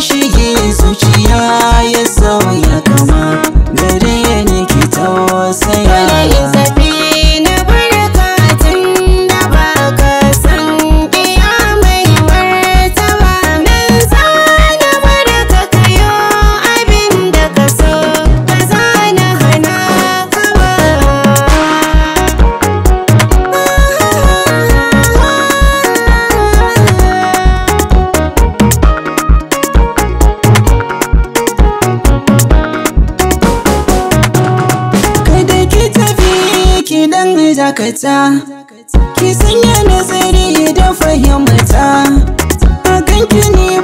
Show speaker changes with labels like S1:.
S1: shige dakata ki sanya nazari da fahimta a kanki ne